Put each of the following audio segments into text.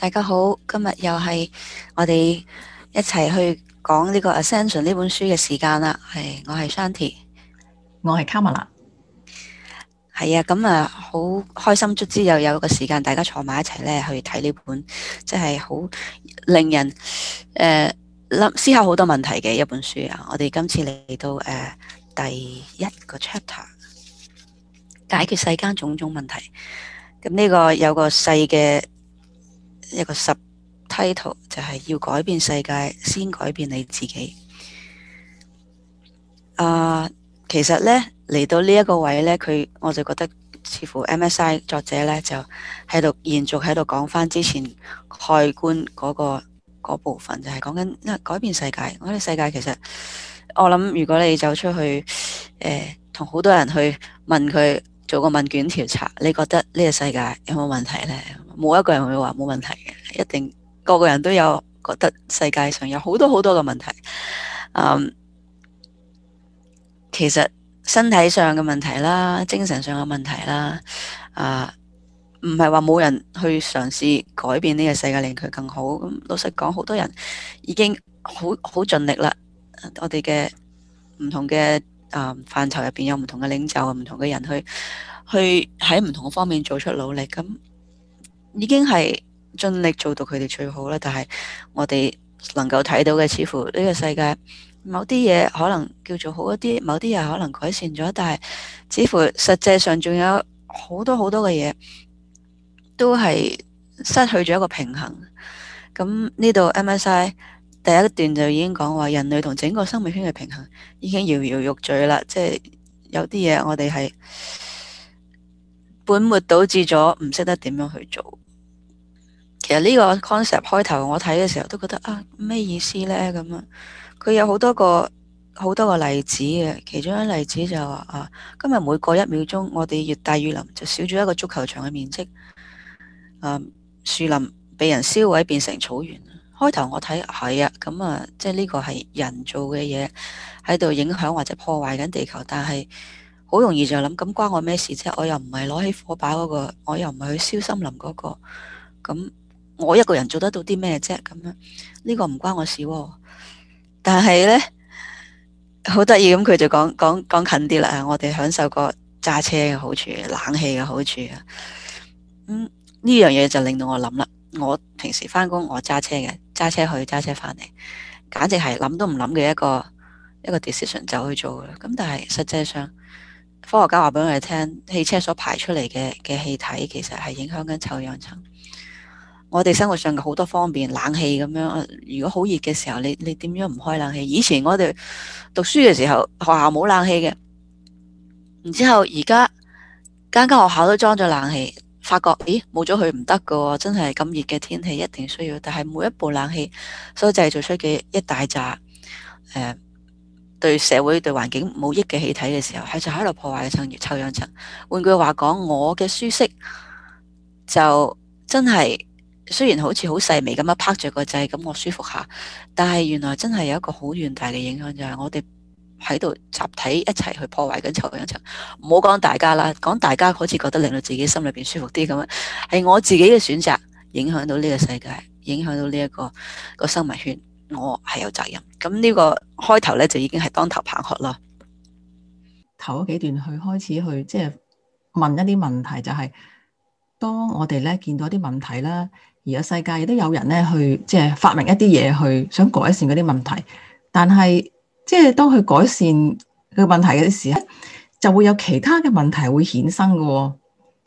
大家好，今日又係我哋一齊去講呢個《Ascension》呢本書嘅時間啦。係，我係 Shanti，我係 Kamala。係啊，咁、嗯、啊，好開心卒之又有一個時間，大家坐埋一齊咧去睇呢本，即係好令人誒諗、呃、思考好多問題嘅一本書啊。我哋今次嚟到誒、呃、第一個 chapter，解決世間種種問題。咁呢個有個細嘅。一個 subtitle 就係要改變世界先改變你自己。啊、uh，其實呢，嚟到呢一個位呢，佢我就覺得似乎 M.S.I 作者呢，就喺度延續喺度講翻之前開棺嗰個部分，就係、是、講緊改變世界，我哋世界其實我諗如果你走出去誒，同、呃、好多人去問佢。做個問卷調查，你覺得呢個世界有冇問題呢？冇一個人會話冇問題嘅，一定個個人都有覺得世界上有好多好多嘅問題，嗯。其實身體上嘅問題啦，精神上嘅問題啦，啊，唔係話冇人去嘗試改變呢個世界令佢更好。老實講，好多人已經好好盡力啦。我哋嘅唔同嘅。誒、嗯、範疇入面有唔同嘅領袖，唔同嘅人去去喺唔同嘅方面做出努力，咁已經係盡力做到佢哋最好啦。但係我哋能夠睇到嘅，似乎呢個世界某啲嘢可能叫做好一啲，某啲嘢可能改善咗，但係似乎實際上仲有好多好多嘅嘢都係失去咗一個平衡。咁呢度 MSI。第一段就已經講話人類同整個生命圈嘅平衡已經搖搖欲墜啦，即係有啲嘢我哋係本末倒置咗，唔識得點樣去做。其實呢個 concept 開頭我睇嘅時候都覺得啊咩意思呢？咁啊？佢有好多個好多個例子嘅，其中一個例子就話啊，今日每過一秒鐘，我哋熱帶雨林就少咗一個足球場嘅面積，啊樹林被人燒毀變成草原。開頭我睇係啊，咁啊，即係呢個係人做嘅嘢，喺度影響或者破壞緊地球。但係好容易就諗，咁關我咩事啫？我又唔係攞起火把嗰個，我又唔係去燒森林嗰個。咁我一個人做得到啲咩啫？咁樣呢個唔關我事啊。但係呢，好得意咁，佢就講講講近啲啦。我哋享受個揸車嘅好處，冷氣嘅好處。咁呢樣嘢就令到我諗啦。我平時返工，我揸車嘅。揸車去，揸車翻嚟，簡直係諗都唔諗嘅一個一個 decision 就去做啦。咁但係實際上，科學家話俾我哋聽，汽車所排出嚟嘅嘅氣體，其實係影響緊臭氧層。我哋生活上嘅好多方面，冷氣咁樣，如果好熱嘅時候，你你點樣唔開冷氣？以前我哋讀書嘅時候，學校冇冷氣嘅，然之後而家間間學校都裝咗冷氣。發覺，咦，冇咗佢唔得噶，真係咁熱嘅天氣一定需要。但係每一部冷氣所製造出嘅一大扎，誒、呃，對社會對環境冇益嘅氣體嘅時候，係就喺度破壞層越臭氧層。換句話講，我嘅舒適就真係雖然好似好細微咁樣拍着個掣咁，我舒服下，但係原來真係有一個好遠大嘅影響就係、是、我哋。喺度集體一齊去破壞緊臭氧層，唔好講大家啦，講大家好似覺得令到自己心裏邊舒服啲咁樣，係我自己嘅選擇，影響到呢個世界，影響到呢一個個生物圈，我係有責任。咁呢個開頭咧就已經係當頭棒喝咯。頭嗰幾段去開始去即係問一啲問題，就係當我哋咧見到啲問題啦，而家世界亦都有人咧去即係發明一啲嘢去想改善嗰啲問題，但係。即係當佢改善個問題嘅時，就會有其他嘅問題會衍生嘅，哦。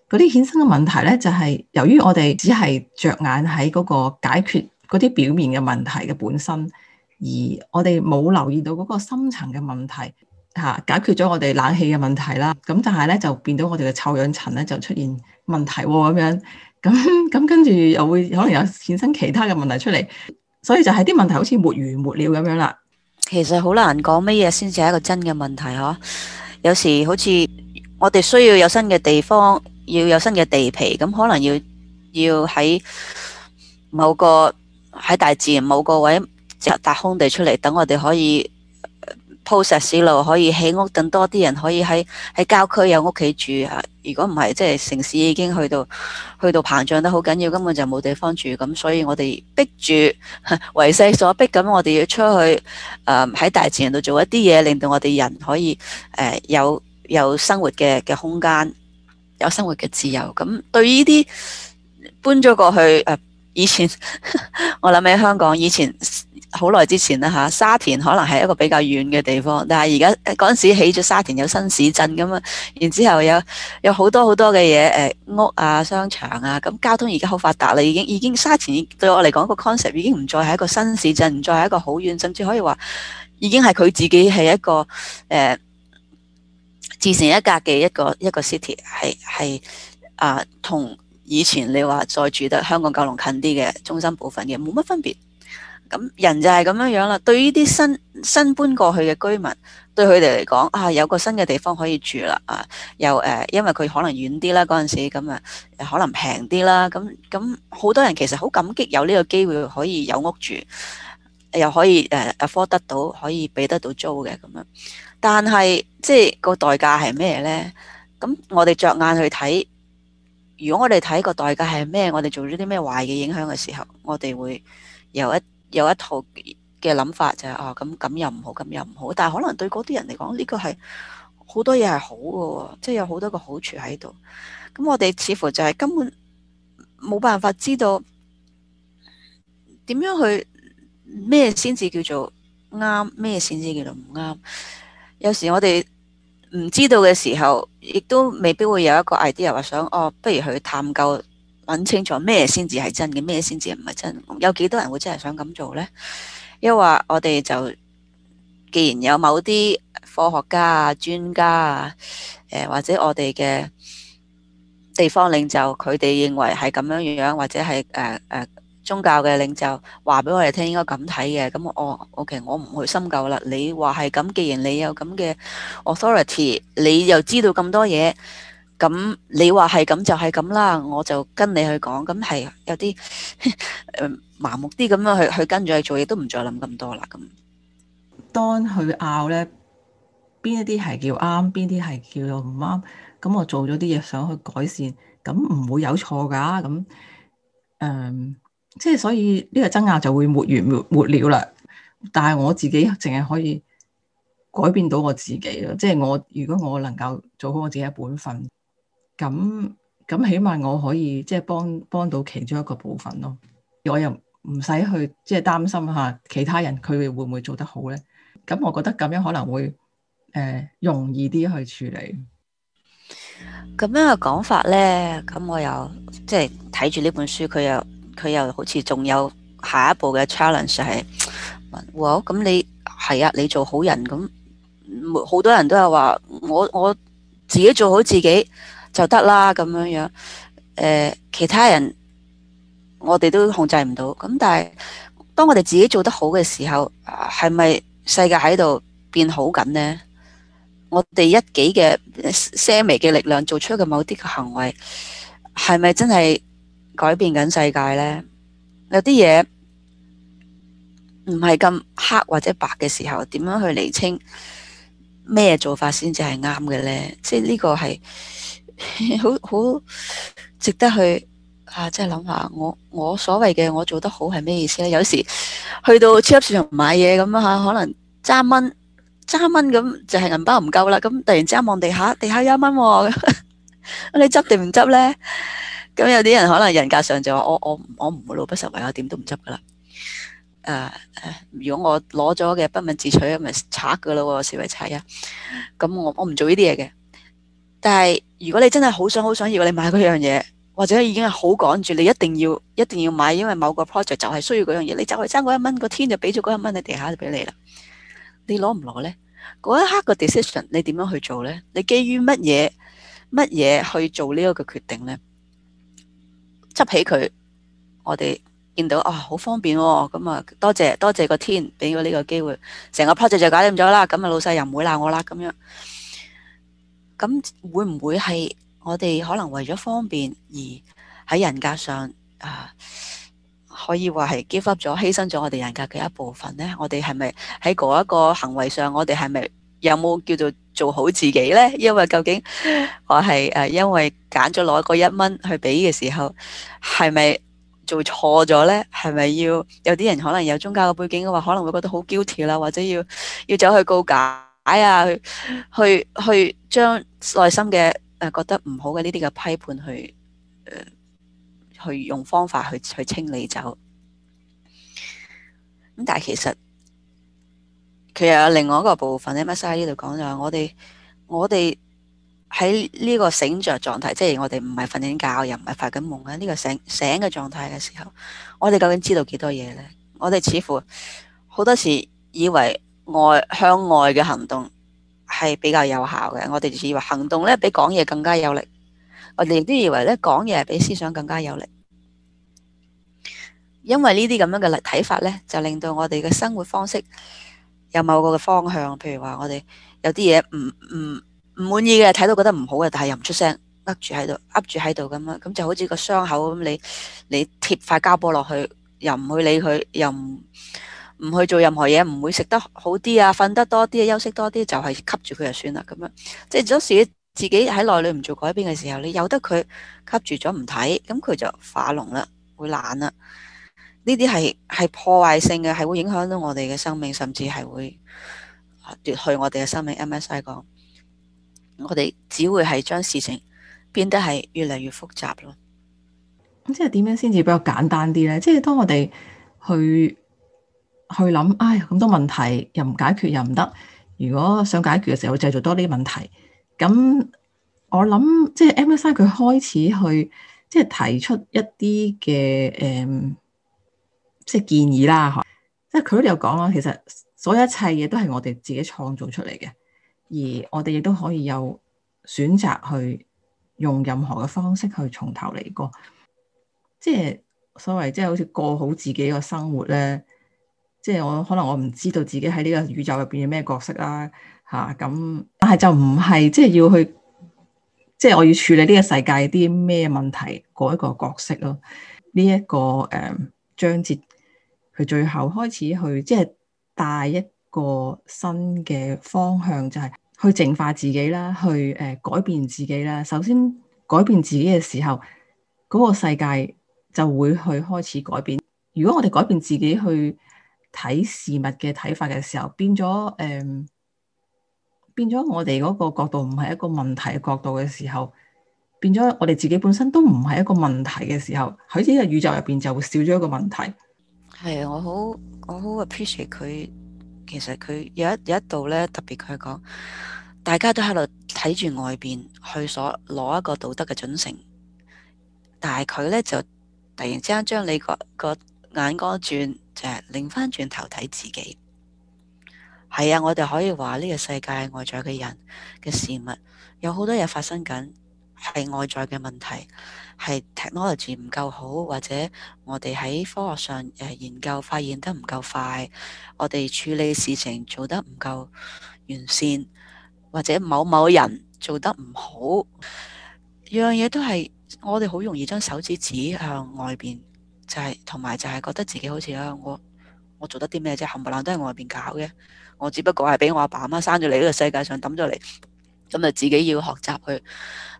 嗰啲衍生嘅問題咧，就係、是、由於我哋只係着眼喺嗰個解決嗰啲表面嘅問題嘅本身，而我哋冇留意到嗰個深層嘅問題嚇。解決咗我哋冷氣嘅問題啦，咁但係咧就變到我哋嘅臭氧層咧就出現問題喎，哦，咁樣咁咁跟住又會可能有衍生其他嘅問題出嚟，所以就係啲問題好似沒完沒了咁樣啦。其實好難講乜嘢先至係一個真嘅問題嗬、啊，有時好似我哋需要有新嘅地方，要有新嘅地皮，咁可能要要喺某個喺大自然某個位，即搭空地出嚟，等我哋可以。鋪石屎路可以起屋，等多啲人可以喺喺郊區有屋企住吓。如果唔係，即係城市已經去到去到膨脹得好緊要，根本就冇地方住。咁所以我所，我哋逼住為勢所逼咁，我哋要出去誒喺、呃、大自然度做一啲嘢，令到我哋人可以誒、呃、有有生活嘅嘅空間，有生活嘅自由。咁對於呢啲搬咗過去誒、呃，以前 我諗起香港以前。好耐之前啦吓，沙田可能係一個比較遠嘅地方，但係而家嗰陣時起咗沙田有新市鎮咁啊，然之後有有好多好多嘅嘢、誒屋啊、商場啊，咁交通而家好發達啦，已經已經沙田對我嚟講個 concept 已經唔再係一個新市鎮，唔再係一個好遠，甚至可以話已經係佢自己係一個誒、呃、自成一格嘅一個一個 city，係係啊，同、呃、以前你話再住得香港九龍近啲嘅中心部分嘅冇乜分別。咁人就係咁樣樣啦，對於啲新新搬過去嘅居民，對佢哋嚟講啊，有個新嘅地方可以住啦啊，又誒、呃，因為佢可能遠啲啦，嗰陣時咁啊，可能平啲啦，咁咁好多人其實好感激有呢個機會可以有屋住，又可以誒、呃，afford 得到，可以俾得到租嘅咁樣，但係即係個代價係咩呢？咁我哋着眼去睇，如果我哋睇個代價係咩，我哋做咗啲咩壞嘅影響嘅時候，我哋會有一。有一套嘅諗法就係、是、哦，咁、啊、咁又唔好，咁又唔好。但係可能對嗰啲人嚟講，呢個係好多嘢係好嘅，即係有好多個好處喺度。咁我哋似乎就係根本冇辦法知道點樣去咩先至叫做啱，咩先至叫做唔啱。有時我哋唔知道嘅時候，亦都未必會有一個 idea 話想哦、啊，不如去探究。揾清楚咩先至係真嘅，咩先至唔係真？有幾多人會真係想咁做呢？因為我哋就既然有某啲科學家啊、專家啊、呃、或者我哋嘅地方領袖，佢哋認為係咁樣樣，或者係誒誒宗教嘅領袖話俾我哋聽應該咁睇嘅，咁我，哦，ok，我唔去深究啦。你話係咁，既然你有咁嘅 authority，你又知道咁多嘢。咁你話係咁就係咁啦，我就跟你去講。咁係有啲誒 麻木啲咁樣去去跟住去做，嘢都唔再諗咁多啦。咁當佢拗，咧，邊一啲係叫啱，邊啲係叫做唔啱。咁我做咗啲嘢，想去改善，咁唔會有錯噶。咁誒、嗯，即係所以呢個爭拗就會沒完沒沒了。但係我自己淨係可以改變到我自己咯。即係我如果我能夠做好我自己嘅本分，咁咁起碼我可以即係幫幫到其中一個部分咯，我又唔使去即係擔心下其他人佢哋會唔會做得好咧？咁我覺得咁樣可能會誒、呃、容易啲去處理。咁樣嘅講法咧，咁我又即係睇住呢本書，佢又佢又好似仲有下一步嘅 challenge 係，咁你係啊，你做好人咁，好多人都係話我我自己做好自己。就得啦，咁樣樣，誒、呃，其他人我哋都控制唔到。咁但係當我哋自己做得好嘅時候，係咪世界喺度變好緊呢？我哋一己嘅細微嘅力量做出嘅某啲嘅行為，係咪真係改變緊世界呢？有啲嘢唔係咁黑或者白嘅時候，點樣去釐清咩做法先至係啱嘅呢？即係呢個係。好好 值得去啊！即係諗下，我我所謂嘅我做得好係咩意思咧？有時去到超級市場買嘢咁啊，可能爭蚊爭蚊咁，就係銀包唔夠啦。咁突然之間望地下，地下有一蚊，啊啊、你執定唔執咧？咁有啲人可能人格上就話：我我我唔會老不實為，我點都唔執噶啦。誒、呃呃、如果我攞咗嘅不問自取，咁咪賊噶啦！實為賊啊！咁我我唔做呢啲嘢嘅。但係，如果你真係好想好想要你買嗰樣嘢，或者已經係好趕住，你一定要一定要買，因為某個 project 就係需要嗰樣嘢。你就係爭嗰一蚊，個天就俾咗嗰一蚊你地下就俾你啦。你攞唔攞呢？嗰一刻個 decision 你點樣去做呢？你基於乜嘢乜嘢去做呢一個決定呢，執起佢，我哋見到啊，好方便喎！咁啊，多謝多謝個天俾咗呢個機會，成個 project 就搞掂咗啦。咁啊，老細又唔會鬧我啦。咁樣。咁會唔會係我哋可能為咗方便而喺人格上啊，可以話係 give up 咗、犧牲咗我哋人格嘅一部分呢？我哋係咪喺嗰一個行為上，我哋係咪有冇叫做做好自己呢？因為究竟我係誒因為揀咗攞個一蚊去俾嘅時候，係咪做錯咗呢？係咪要有啲人可能有宗教嘅背景嘅話，可能會覺得好 guilty 啦，或者要要走去告解啊，去去，去將內心嘅誒、呃、覺得唔好嘅呢啲嘅批判去、呃、去用方法去去清理走。咁但係其實其實有另外一個部分，阿 MSI 呢度講就係我哋我哋喺呢個醒着狀態，即係我哋唔係瞓緊覺又唔係發緊夢啊！呢、這個醒醒嘅狀態嘅時候，我哋究竟知道幾多嘢咧？我哋似乎好多時以為外向外嘅行動，係比較有效嘅，我哋以為行動咧比講嘢更加有力，我哋亦都以為咧講嘢係比思想更加有力，因為這這呢啲咁樣嘅睇法咧，就令到我哋嘅生活方式有某個嘅方向，譬如話我哋有啲嘢唔唔唔滿意嘅，睇到覺得唔好嘅，但係又唔出聲，噏住喺度噏住喺度咁樣，咁就好似個傷口咁，你你貼塊膠布落去，又唔去理佢，又唔。唔去做任何嘢，唔會食得好啲啊，瞓得多啲啊，休息多啲，就係吸住佢就算啦。咁樣，即係有時自己喺內裏唔做改變嘅時候，你由得佢吸住咗唔睇，咁佢就化膿啦，會爛啦。呢啲係係破壞性嘅，係會影響到我哋嘅生命，甚至係會奪去我哋嘅生命。M.S.I 講，我哋只會係將事情變得係越嚟越複雜咯。咁即係點樣先至比較簡單啲呢？即係當我哋去。去諗，唉，咁多問題又唔解決又唔得。如果想解決嘅時候，製造多啲問題。咁我諗，即係 MSI 佢開始去，即係提出一啲嘅，誒，即係建議啦。即係佢都有講啦，其實所有一切嘢都係我哋自己創造出嚟嘅，而我哋亦都可以有選擇去用任何嘅方式去從頭嚟過。即係所謂，即係好似過好自己嘅生活咧。即係我可能我唔知道自己喺呢個宇宙入邊有咩角色啦，吓、啊、咁，但係就唔係即係要去，即係我要處理呢個世界啲咩問題，嗰一個角色咯。呢、這、一個誒、呃、章節，佢最後開始去即係帶一個新嘅方向，就係去淨化自己啦，去誒、呃、改變自己啦。首先改變自己嘅時候，嗰、那個世界就會去開始改變。如果我哋改變自己去。睇事物嘅睇法嘅時候，變咗誒、呃，變咗我哋嗰個角度唔係一個問題嘅角度嘅時候，變咗我哋自己本身都唔係一個問題嘅時候，喺呢個宇宙入邊就會少咗一個問題。係啊，我好我好 appreciate 佢，其實佢有一有一度咧，特別佢講，大家都喺度睇住外邊去所攞一個道德嘅準繩，但係佢咧就突然之間將你個個。眼光轉就係擰翻轉頭睇自己。係啊，我哋可以話呢個世界外在嘅人嘅事物，有好多嘢發生緊，係外在嘅問題，係 technology 唔夠好，或者我哋喺科學上誒研究發現得唔夠快，我哋處理事情做得唔夠完善，或者某某人做得唔好，樣嘢都係我哋好容易將手指指向外邊。就係同埋，就係覺得自己好似啊，我我做得啲咩啫？冚唪唥都係外邊搞嘅，我只不過係俾我阿爸阿媽生咗嚟呢個世界上，揼咗嚟，咁就自己要學習去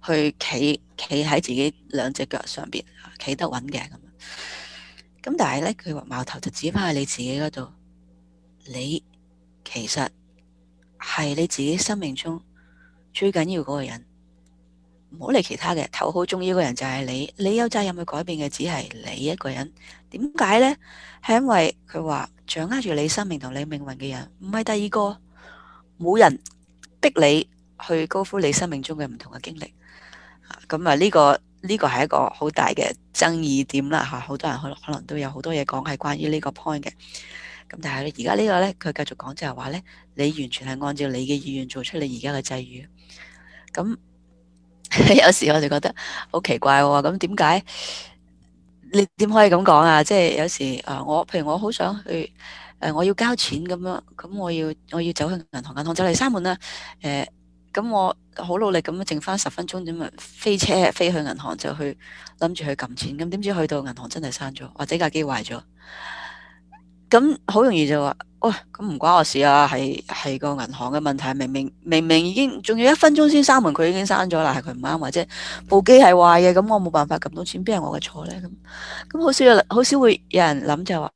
去企企喺自己兩隻腳上邊，企得穩嘅咁。咁但係咧，佢話矛頭就指翻喺你自己嗰度，你其實係你自己生命中最緊要嗰個人。唔好理其他嘅，頭好重要嘅人就係你，你有責任去改變嘅只係你一個人。點解呢？係因為佢話掌握住你生命同你命運嘅人唔係第二個，冇人逼你去高呼你生命中嘅唔同嘅經歷。咁啊，呢、嗯這個呢、這個係一個好大嘅爭議點啦。吓、啊，好多人可可能都有好多嘢講係關於呢個 point 嘅。咁、啊、但係咧，而家呢個呢，佢繼續講就係話呢，你完全係按照你嘅意願做出你而家嘅際遇。咁、啊。嗯 有時我就覺得好奇怪喎、哦，咁點解你點可以咁講啊？即、就、係、是、有時啊，我譬如我好想去誒，我要交錢咁樣，咁我要我要走去銀行，銀行就嚟閂門啦。誒、欸，咁我好努力咁剩返十分鐘，點啊飛車飛去銀行就去諗住去撳錢，咁點知去到銀行真係閂咗，或者架機壞咗，咁好容易就話。喂，咁唔、哦、關我事啊，係係個銀行嘅問題。明明明明已經，仲有一分鐘先閂門，佢已經閂咗啦。係佢唔啱，或者部機係壞嘅，咁我冇辦法撳到錢，邊係我嘅錯呢？咁咁好少有，好少會有人諗就係話，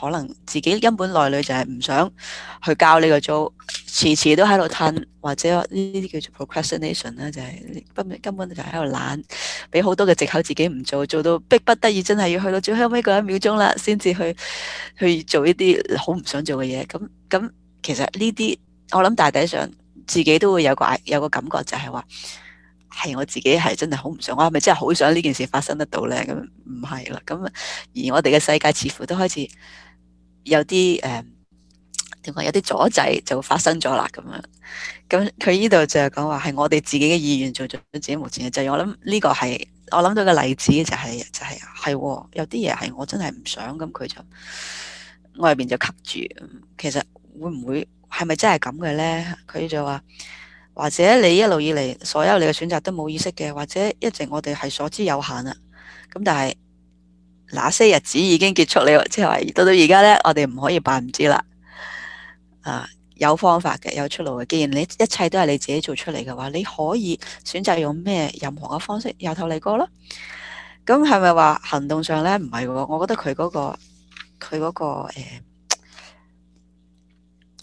可能自己根本內裡就係唔想去交呢個租，遲遲都喺度吞，或者呢啲叫做 procrastination 啦，就係根本根本就喺度懶，俾好多嘅藉口自己唔做，做到逼不得已，真係要去到最後尾嗰一秒鐘啦，先至去去做一啲好唔想做嘅嘢。咁咁，其實呢啲我諗大抵上自己都會有個有個感覺就，就係話係我自己係真係好唔想，我係咪真係好想呢件事發生得到咧？咁唔係啦，咁而我哋嘅世界似乎都開始有啲誒，點、呃、講有啲阻滯就發生咗啦，咁樣。咁佢呢度就係講話係我哋自己嘅意願做咗自己目前嘅制約，是。我諗呢個係我諗到嘅例子就係、是、就係、是、係有啲嘢係我真係唔想咁，佢就。外邊就卡住，其實會唔會係咪真係咁嘅呢？佢就話，或者你一路以嚟所有你嘅選擇都冇意識嘅，或者一直我哋係所知有限啦。咁但係那些日子已經結束，你即係到到而家呢，我哋唔可以扮唔知啦。啊，有方法嘅，有出路嘅。既然你一切都係你自己做出嚟嘅話，你可以選擇用咩任何嘅方式由頭嚟過咯。咁係咪話行動上呢？唔係？我覺得佢嗰個。佢嗰，那個誒、欸、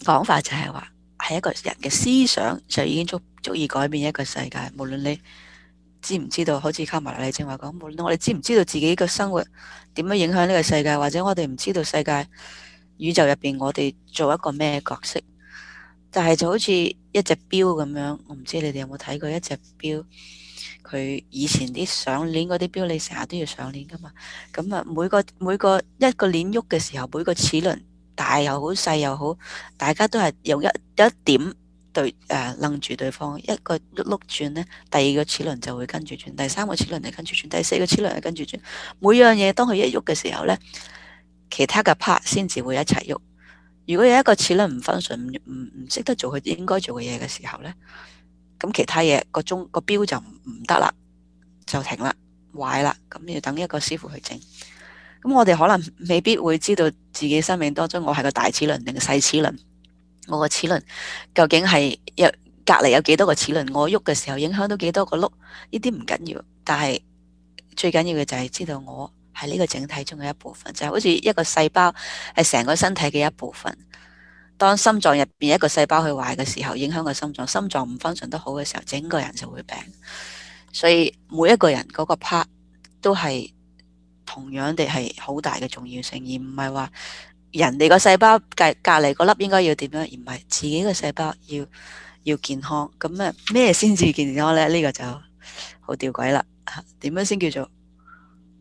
講法就係話，係一個人嘅思想就已經足足以改變一個世界。無論你知唔知道，好似卡馬拉李正話講，無論我哋知唔知道自己嘅生活點樣影響呢個世界，或者我哋唔知道世界宇宙入邊我哋做一個咩角色，但係就好似一隻錶咁樣。我唔知你哋有冇睇過一隻錶？佢以前啲上鏈嗰啲表，你成日都要上鏈噶嘛？咁啊，每個每個一個鏈喐嘅時候，每個齒輪大又好細又好，大家都係用一一點對誒楞住對方，一個一碌轉呢，第二個齒輪就會跟住轉，第三個齒輪就跟住轉，第四個齒輪就跟住轉。每樣嘢當佢一喐嘅時候呢，其他嘅 part 先至會一齊喐。如果有一個齒輪唔分順唔唔識得做佢應該做嘅嘢嘅時候呢。咁其他嘢，那個鐘個表就唔得啦，就停啦，壞啦，咁要等一個師傅去整。咁我哋可能未必會知道自己生命當中，我係個大齒輪定細齒輪，我個齒輪究竟係隔籬有幾多個齒輪，我喐嘅時候影響到幾多個轆？呢啲唔緊要，但係最緊要嘅就係知道我係呢個整體中嘅一部分，就係、好似一個細胞係成個身體嘅一部分。當心臟入邊一個細胞去壞嘅時候，影響個心臟。心臟唔 function 得好嘅時候，整個人就會病。所以每一個人嗰個 part 都係同樣地係好大嘅重要性，而唔係話人哋個細胞隔隔籬嗰粒應該要點樣，而唔係自己個細胞要要健康。咁啊咩先至健康咧？呢、這個就好吊詭啦。點樣先叫做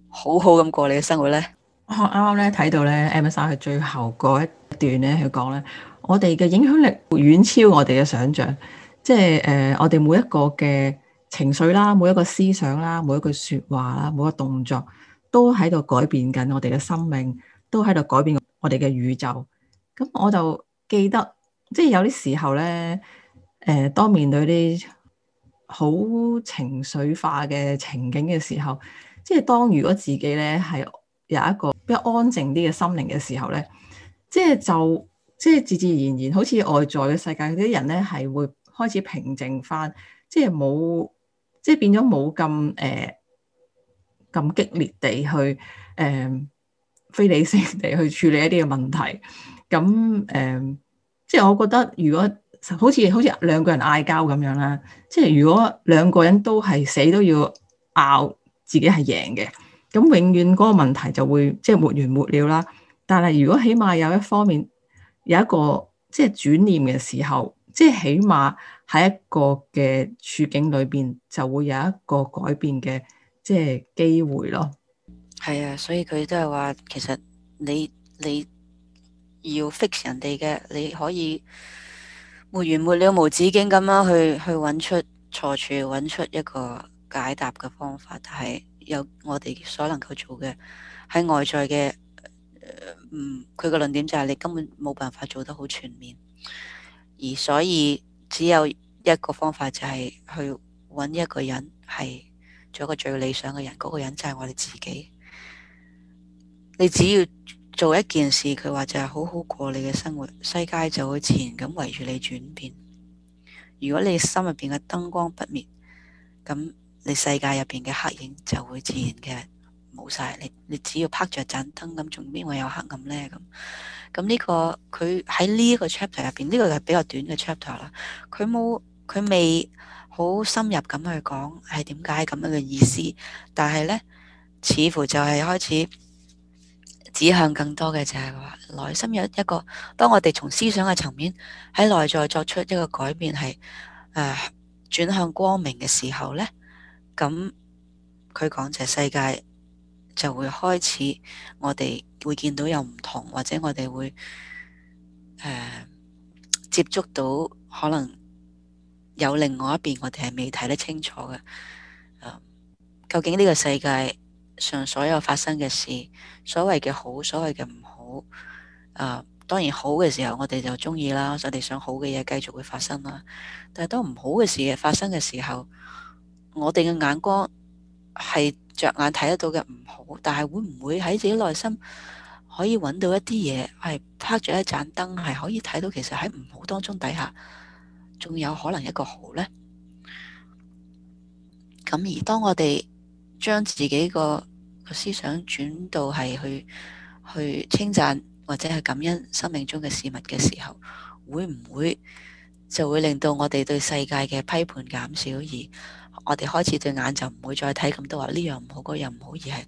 好好咁過你嘅生活呢？我啱啱咧睇到咧，M 先生嘅最後嗰一段咧，佢講咧。我哋嘅影響力遠超我哋嘅想像，即係誒、呃，我哋每一個嘅情緒啦，每一個思想啦，每一句説話啦，每一個動作都喺度改變緊我哋嘅生命，都喺度改變我哋嘅宇宙。咁我就記得，即係有啲時候咧，誒、呃，當面對啲好情緒化嘅情景嘅時候，即係當如果自己咧係有一個比較安靜啲嘅心靈嘅時候咧，即係就。即係自自然然，好似外在嘅世界嗰啲人咧，係會開始平靜翻，即係冇，即係變咗冇咁誒咁激烈地去誒、呃、非理性地去處理一啲嘅問題。咁誒、呃，即係我覺得，如果好似好似兩個人嗌交咁樣啦，即係如果兩個人都係死都要拗自己係贏嘅，咁永遠嗰個問題就會即係沒完沒了啦。但係如果起碼有一方面，有一個即係轉念嘅時候，即係起碼喺一個嘅處境裏邊，就會有一個改變嘅即係機會咯。係啊，所以佢都係話，其實你你要 fix 人哋嘅，你可以沒完沒了，無止境咁樣去去揾出錯處，揾出一個解答嘅方法。但係有我哋所能夠做嘅喺外在嘅。嗯，佢個論點就係你根本冇辦法做得好全面，而所以只有一個方法就係去揾一個人係做一個最理想嘅人，嗰個人就係我哋自己。你只要做一件事，佢話就係好好過你嘅生活，世界就會自然咁圍住你轉變。如果你心入邊嘅燈光不滅，咁你世界入邊嘅黑影就會自然嘅。冇晒，你你只要拍着盞燈咁，仲邊會有黑暗咧？咁咁呢個佢喺呢個 chapter 入邊，呢個係比較短嘅 chapter 啦。佢冇佢未好深入咁去講係點解咁樣嘅意思，但係咧，似乎就係開始指向更多嘅就係話內心有一個，當我哋從思想嘅層面喺內在作出一個改變，係誒轉向光明嘅時候咧，咁佢講就係世界。就會開始，我哋會見到有唔同，或者我哋會、呃、接觸到可能有另外一邊，我哋係未睇得清楚嘅、呃。究竟呢個世界上所有發生嘅事，所謂嘅好，所謂嘅唔好，誒、呃，當然好嘅時候我哋就鍾意啦，我哋想好嘅嘢繼續會發生啦。但係當唔好嘅事嘅發生嘅時候，我哋嘅眼光係。着眼睇得到嘅唔好，但係會唔會喺自己內心可以揾到一啲嘢，係拍住一盞燈，係可以睇到其實喺唔好當中底下，仲有可能一個好咧？咁而當我哋將自己個個思想轉到係去去稱讚或者係感恩生命中嘅事物嘅時候，會唔會就會令到我哋對世界嘅批判減少而？我哋開始對眼就唔會再睇咁多，話呢樣唔好，嗰樣唔好，好而係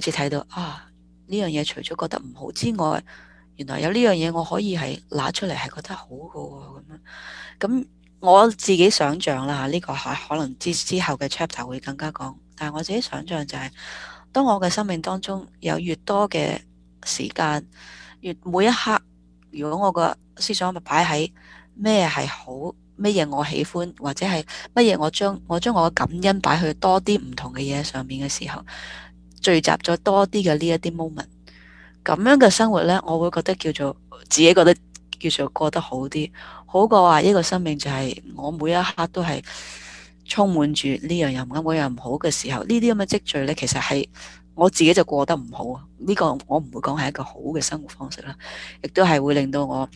開始睇到啊，呢樣嘢除咗覺得唔好之外，原來有呢樣嘢我可以係拿出嚟係覺得好嘅喎咁樣。咁我自己想象啦呢、這個可可能之之後嘅 chapter 會更加講。但係我自己想象就係、是、當我嘅生命當中有越多嘅時間，越每一刻，如果我個思想咪擺喺咩係好。乜嘢我喜歡，或者係乜嘢我將我將我嘅感恩擺去多啲唔同嘅嘢上面嘅時候，聚集咗多啲嘅呢一啲 moment，咁樣嘅生活呢，我會覺得叫做自己覺得叫做過得好啲，好過話一個生命就係我每一刻都係充滿住呢樣又唔啱，嗰樣唔好嘅時候，呢啲咁嘅積聚呢，其實係我自己就過得唔好啊！呢個我唔會講係一個好嘅生活方式啦，亦都係會令到我。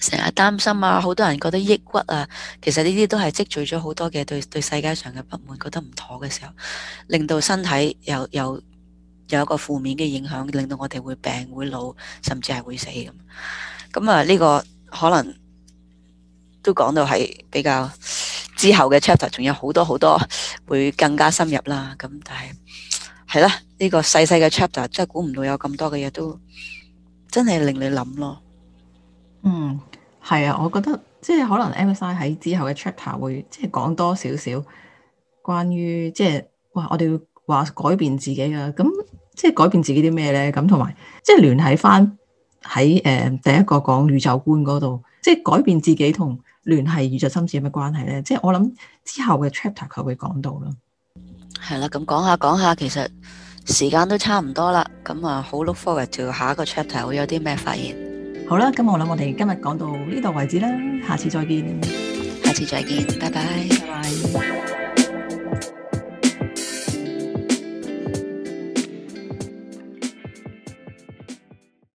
成日擔心啊，好多人覺得抑鬱啊，其實呢啲都係積聚咗好多嘅對對世界上嘅不滿，覺得唔妥嘅時候，令到身體有有有一個負面嘅影響，令到我哋會病、會老，甚至係會死咁。咁啊，呢個可能都講到係比較之後嘅 chapter，仲有好多好多會更加深入啦。咁但係係啦，呢個細細嘅 chapter 真係估唔到有咁多嘅嘢，都真係令你諗咯。係啊，我覺得即係可能 MSI 喺之後嘅 chapter 會講點點，即係講多少少關於即係哇，我哋話改變自己啊，咁即係改變自己啲咩咧？咁同埋即係聯繫翻喺誒第一個講宇宙觀嗰度，即係改變自己同聯繫宇宙心智有咩關係咧？即係我諗之後嘅 chapter 佢會講到咯。係啦、啊，咁講下講下，其實時間都差唔多啦。咁啊，好 look forward to 下一個 chapter，會有啲咩發現？好啦，咁我諗我哋今日講到呢度為止啦，下次再見，下次再見，拜拜，拜拜。